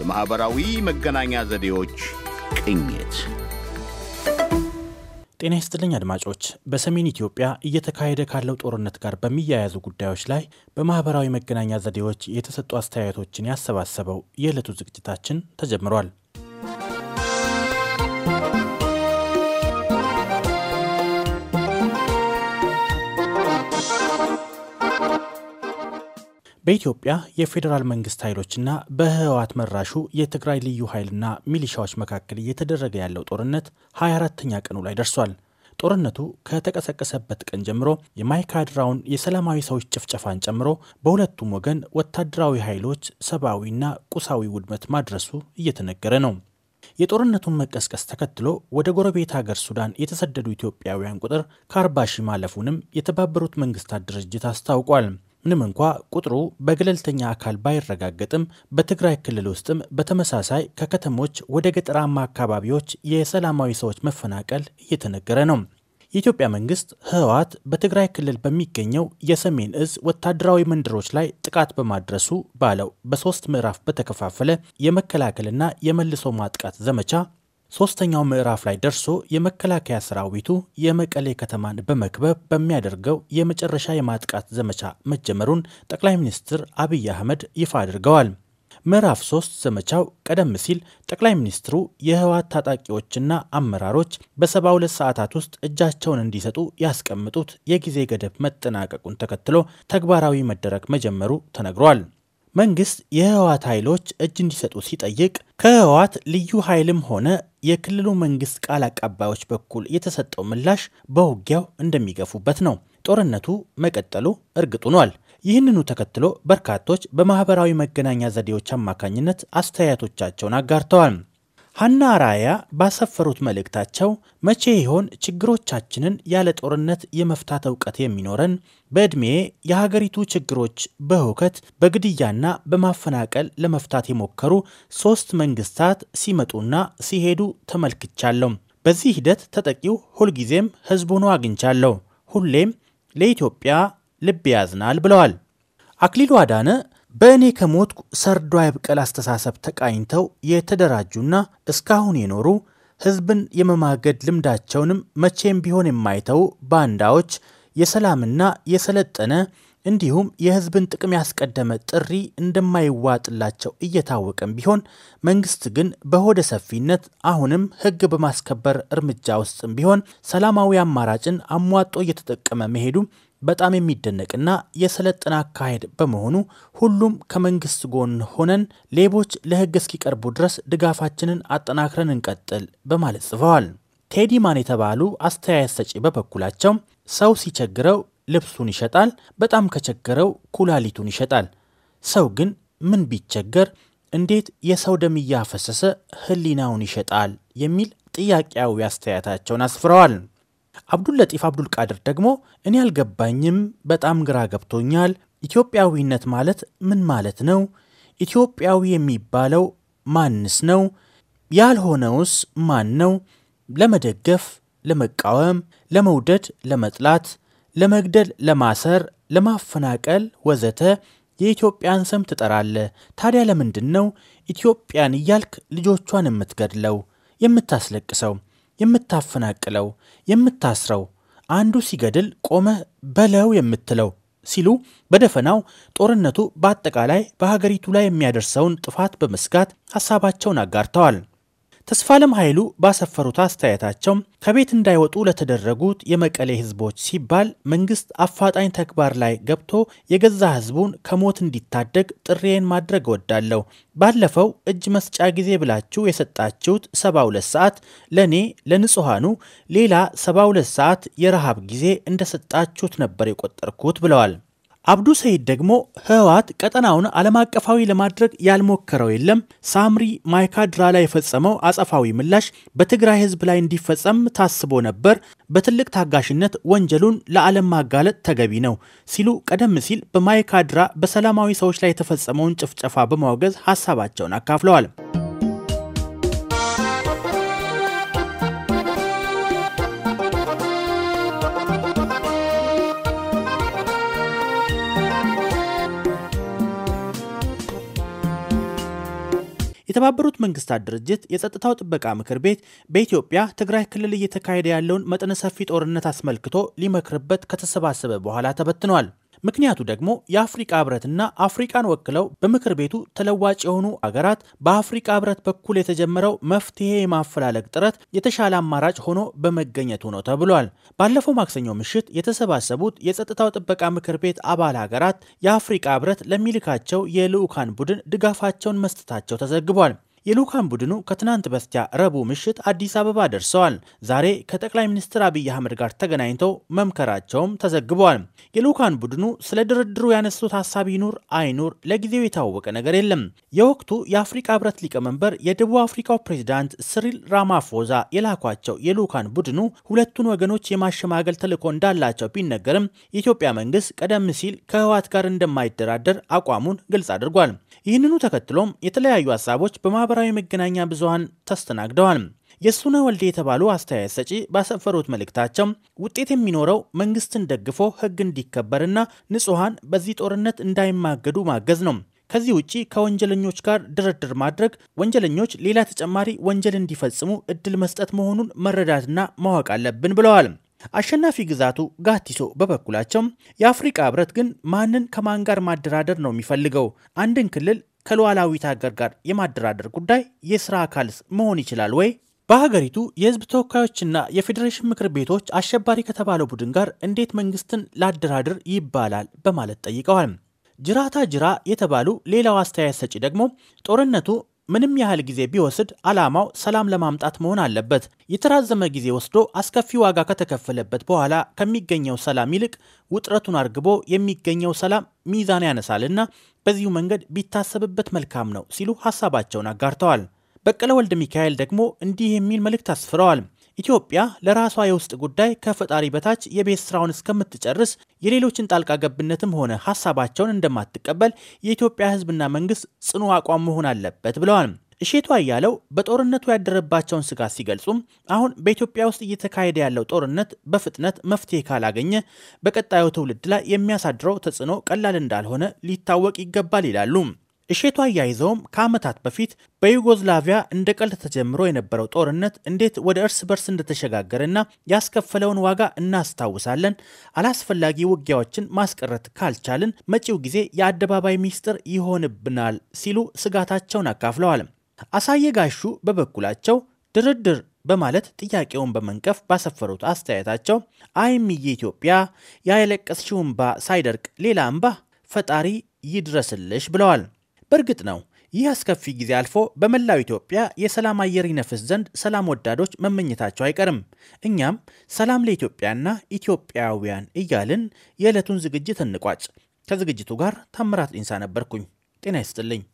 የማኅበራዊ መገናኛ ዘዴዎች ቅኝት። ጤና ይስጥልኝ አድማጮች። በሰሜን ኢትዮጵያ እየተካሄደ ካለው ጦርነት ጋር በሚያያዙ ጉዳዮች ላይ በማኅበራዊ መገናኛ ዘዴዎች የተሰጡ አስተያየቶችን ያሰባሰበው የዕለቱ ዝግጅታችን ተጀምሯል። በኢትዮጵያ የፌዴራል መንግስት ኃይሎችና በህወሓት መራሹ የትግራይ ልዩ ኃይልና ሚሊሻዎች መካከል እየተደረገ ያለው ጦርነት 24ተኛ ቀኑ ላይ ደርሷል። ጦርነቱ ከተቀሰቀሰበት ቀን ጀምሮ የማይካድራውን የሰላማዊ ሰዎች ጭፍጨፋን ጨምሮ በሁለቱም ወገን ወታደራዊ ኃይሎች ሰብአዊና ቁሳዊ ውድመት ማድረሱ እየተነገረ ነው። የጦርነቱን መቀስቀስ ተከትሎ ወደ ጎረቤት ሀገር ሱዳን የተሰደዱ ኢትዮጵያውያን ቁጥር ከ40 ሺህ ማለፉንም የተባበሩት መንግስታት ድርጅት አስታውቋል። ምንም እንኳ ቁጥሩ በገለልተኛ አካል ባይረጋገጥም በትግራይ ክልል ውስጥም በተመሳሳይ ከከተሞች ወደ ገጠራማ አካባቢዎች የሰላማዊ ሰዎች መፈናቀል እየተነገረ ነው። የኢትዮጵያ መንግስት ህወሓት በትግራይ ክልል በሚገኘው የሰሜን እዝ ወታደራዊ መንደሮች ላይ ጥቃት በማድረሱ ባለው በሶስት ምዕራፍ በተከፋፈለ የመከላከልና የመልሶ ማጥቃት ዘመቻ ሶስተኛው ምዕራፍ ላይ ደርሶ የመከላከያ ሰራዊቱ የመቀሌ ከተማን በመክበብ በሚያደርገው የመጨረሻ የማጥቃት ዘመቻ መጀመሩን ጠቅላይ ሚኒስትር አብይ አህመድ ይፋ አድርገዋል። ምዕራፍ ሶስት ዘመቻው ቀደም ሲል ጠቅላይ ሚኒስትሩ የህወሓት ታጣቂዎችና አመራሮች በ72 ሰዓታት ውስጥ እጃቸውን እንዲሰጡ ያስቀምጡት የጊዜ ገደብ መጠናቀቁን ተከትሎ ተግባራዊ መደረግ መጀመሩ ተነግሯል። መንግስት የህወሓት ኃይሎች እጅ እንዲሰጡ ሲጠይቅ ከህወሓት ልዩ ኃይልም ሆነ የክልሉ መንግስት ቃል አቀባዮች በኩል የተሰጠው ምላሽ በውጊያው እንደሚገፉበት ነው። ጦርነቱ መቀጠሉ እርግጥ ሆኗል። ይህንኑ ተከትሎ በርካቶች በማህበራዊ መገናኛ ዘዴዎች አማካኝነት አስተያየቶቻቸውን አጋርተዋል። ሀና ራያ ባሰፈሩት መልእክታቸው መቼ ይሆን ችግሮቻችንን ያለ ጦርነት የመፍታት እውቀት የሚኖረን? በዕድሜ የሀገሪቱ ችግሮች በሁከት በግድያና በማፈናቀል ለመፍታት የሞከሩ ሶስት መንግስታት ሲመጡና ሲሄዱ ተመልክቻለሁ። በዚህ ሂደት ተጠቂው ሁልጊዜም ህዝብ ሆኖ አግኝቻለሁ። ሁሌም ለኢትዮጵያ ልብ ያዝናል ብለዋል። አክሊሉ አዳነ በእኔ ከሞትኩ ሰርዶ አይብቀል አስተሳሰብ ተቃኝተው የተደራጁና እስካሁን የኖሩ ህዝብን የመማገድ ልምዳቸውንም መቼም ቢሆን የማይተው ባንዳዎች የሰላምና የሰለጠነ እንዲሁም የህዝብን ጥቅም ያስቀደመ ጥሪ እንደማይዋጥላቸው እየታወቀም ቢሆን መንግስት ግን በሆደ ሰፊነት አሁንም ህግ በማስከበር እርምጃ ውስጥም ቢሆን ሰላማዊ አማራጭን አሟጦ እየተጠቀመ መሄዱ በጣም የሚደነቅና የሰለጠነ አካሄድ በመሆኑ ሁሉም ከመንግስት ጎን ሆነን ሌቦች ለህግ እስኪቀርቡ ድረስ ድጋፋችንን አጠናክረን እንቀጥል በማለት ጽፈዋል። ቴዲ ማን የተባሉ አስተያየት ሰጪ በበኩላቸው ሰው ሲቸግረው ልብሱን ይሸጣል፣ በጣም ከቸገረው ኩላሊቱን ይሸጣል። ሰው ግን ምን ቢቸገር እንዴት የሰው ደም እያፈሰሰ ህሊናውን ይሸጣል የሚል ጥያቄያዊ አስተያየታቸውን አስፍረዋል። አብዱል ለጢፍ አብዱል ቃድር ደግሞ እኔ አልገባኝም፣ በጣም ግራ ገብቶኛል። ኢትዮጵያዊነት ማለት ምን ማለት ነው? ኢትዮጵያዊ የሚባለው ማንስ ነው? ያልሆነውስ ማን ነው? ለመደገፍ፣ ለመቃወም፣ ለመውደድ፣ ለመጥላት፣ ለመግደል፣ ለማሰር፣ ለማፈናቀል ወዘተ የኢትዮጵያን ስም ትጠራለ ታዲያ ለምንድን ነው ኢትዮጵያን እያልክ ልጆቿን የምትገድለው የምታስለቅሰው? የምታፈናቅለው፣ የምታስረው፣ አንዱ ሲገድል ቆመህ በለው የምትለው ሲሉ በደፈናው ጦርነቱ በአጠቃላይ በሀገሪቱ ላይ የሚያደርሰውን ጥፋት በመስጋት ሀሳባቸውን አጋርተዋል። ተስፋለም ኃይሉ ባሰፈሩት አስተያየታቸው ከቤት እንዳይወጡ ለተደረጉት የመቀሌ ህዝቦች ሲባል መንግስት አፋጣኝ ተግባር ላይ ገብቶ የገዛ ህዝቡን ከሞት እንዲታደግ ጥሬን ማድረግ እወዳለሁ። ባለፈው እጅ መስጫ ጊዜ ብላችሁ የሰጣችሁት 72 ሰዓት ለእኔ ለንጹሐኑ ሌላ 72 ሰዓት የረሃብ ጊዜ እንደሰጣችሁት ነበር የቆጠርኩት ብለዋል። አብዱ ሰይድ ደግሞ ህወሓት ቀጠናውን ዓለም አቀፋዊ ለማድረግ ያልሞከረው የለም፣ ሳምሪ ማይካድራ ላይ የፈጸመው አጸፋዊ ምላሽ በትግራይ ህዝብ ላይ እንዲፈጸም ታስቦ ነበር፣ በትልቅ ታጋሽነት ወንጀሉን ለዓለም ማጋለጥ ተገቢ ነው ሲሉ ቀደም ሲል በማይካድራ በሰላማዊ ሰዎች ላይ የተፈጸመውን ጭፍጨፋ በማውገዝ ሀሳባቸውን አካፍለዋል። የተባበሩት መንግስታት ድርጅት የጸጥታው ጥበቃ ምክር ቤት በኢትዮጵያ ትግራይ ክልል እየተካሄደ ያለውን መጠነ ሰፊ ጦርነት አስመልክቶ ሊመክርበት ከተሰባሰበ በኋላ ተበትኗል። ምክንያቱ ደግሞ የአፍሪቃ ህብረትና አፍሪቃን ወክለው በምክር ቤቱ ተለዋጭ የሆኑ አገራት በአፍሪቃ ህብረት በኩል የተጀመረው መፍትሄ የማፈላለግ ጥረት የተሻለ አማራጭ ሆኖ በመገኘቱ ነው ተብሏል። ባለፈው ማክሰኞ ምሽት የተሰባሰቡት የጸጥታው ጥበቃ ምክር ቤት አባል ሀገራት የአፍሪቃ ህብረት ለሚልካቸው የልዑካን ቡድን ድጋፋቸውን መስጠታቸው ተዘግቧል። የልኡካን ቡድኑ ከትናንት በስቲያ ረቡዕ ምሽት አዲስ አበባ ደርሰዋል። ዛሬ ከጠቅላይ ሚኒስትር አብይ አህመድ ጋር ተገናኝተው መምከራቸውም ተዘግበዋል። የልኡካን ቡድኑ ስለ ድርድሩ ያነሱት ሀሳብ ይኑር አይኑር ለጊዜው የታወቀ ነገር የለም። የወቅቱ የአፍሪካ ህብረት ሊቀመንበር የደቡብ አፍሪካው ፕሬዚዳንት ስሪል ራማፎዛ የላኳቸው የልኡካን ቡድኑ ሁለቱን ወገኖች የማሸማገል ተልዕኮ እንዳላቸው ቢነገርም የኢትዮጵያ መንግስት ቀደም ሲል ከህወሓት ጋር እንደማይደራደር አቋሙን ግልጽ አድርጓል። ይህንኑ ተከትሎም የተለያዩ ሀሳቦች በማበ ማህበራዊ መገናኛ ብዙሀን ተስተናግደዋል። የሱነ ወልዴ የተባሉ አስተያየት ሰጪ ባሰፈሩት መልእክታቸው ውጤት የሚኖረው መንግስትን ደግፎ ህግ እንዲከበርና ንጹሐን በዚህ ጦርነት እንዳይማገዱ ማገዝ ነው። ከዚህ ውጪ ከወንጀለኞች ጋር ድርድር ማድረግ ወንጀለኞች ሌላ ተጨማሪ ወንጀል እንዲፈጽሙ እድል መስጠት መሆኑን መረዳትና ማወቅ አለብን ብለዋል። አሸናፊ ግዛቱ ጋቲሶ በበኩላቸው የአፍሪቃ ህብረት ግን ማንን ከማን ጋር ማደራደር ነው የሚፈልገው? አንድን ክልል ከሉዓላዊት ሀገር ጋር የማደራደር ጉዳይ የስራ አካልስ መሆን ይችላል ወይ? በሀገሪቱ የህዝብ ተወካዮችና የፌዴሬሽን ምክር ቤቶች አሸባሪ ከተባለው ቡድን ጋር እንዴት መንግስትን ላደራድር ይባላል በማለት ጠይቀዋል። ጅራታ ጅራ የተባሉ ሌላው አስተያየት ሰጪ ደግሞ ጦርነቱ ምንም ያህል ጊዜ ቢወስድ ዓላማው ሰላም ለማምጣት መሆን አለበት። የተራዘመ ጊዜ ወስዶ አስከፊ ዋጋ ከተከፈለበት በኋላ ከሚገኘው ሰላም ይልቅ ውጥረቱን አርግቦ የሚገኘው ሰላም ሚዛን ያነሳልና በዚሁ መንገድ ቢታሰብበት መልካም ነው ሲሉ ሀሳባቸውን አጋርተዋል። በቀለ ወልደ ሚካኤል ደግሞ እንዲህ የሚል መልእክት አስፍረዋል። ኢትዮጵያ ለራሷ የውስጥ ጉዳይ ከፈጣሪ በታች የቤት ስራውን እስከምትጨርስ የሌሎችን ጣልቃ ገብነትም ሆነ ሀሳባቸውን እንደማትቀበል የኢትዮጵያ ህዝብና መንግስት ጽኑ አቋም መሆን አለበት ብለዋል። እሼቱ አያለው በጦርነቱ ያደረባቸውን ስጋት ሲገልጹም አሁን በኢትዮጵያ ውስጥ እየተካሄደ ያለው ጦርነት በፍጥነት መፍትሄ ካላገኘ በቀጣዩ ትውልድ ላይ የሚያሳድረው ተጽዕኖ ቀላል እንዳልሆነ ሊታወቅ ይገባል ይላሉ። እሼቱ አያይዘውም ከዓመታት በፊት በዩጎዝላቪያ እንደ ቀልድ ተጀምሮ የነበረው ጦርነት እንዴት ወደ እርስ በርስ እንደተሸጋገረና ያስከፈለውን ዋጋ እናስታውሳለን። አላስፈላጊ ውጊያዎችን ማስቀረት ካልቻልን መጪው ጊዜ የአደባባይ ሚስጥር ይሆንብናል ሲሉ ስጋታቸውን አካፍለዋል። አሳየ ጋሹ በበኩላቸው ድርድር በማለት ጥያቄውን በመንቀፍ ባሰፈሩት አስተያየታቸው አይምዬ ኢትዮጵያ ያለቀስሽው ሳይደርቅ ሌላ እምባ ፈጣሪ ይድረስልሽ ብለዋል። በእርግጥ ነው ይህ አስከፊ ጊዜ አልፎ በመላው ኢትዮጵያ የሰላም አየር ይነፍስ ዘንድ ሰላም ወዳዶች መመኘታቸው አይቀርም። እኛም ሰላም ለኢትዮጵያና ኢትዮጵያውያን እያልን የዕለቱን ዝግጅት እንቋጭ። ከዝግጅቱ ጋር ታምራት ኢንሳ ነበርኩኝ። ጤና ይስጥልኝ።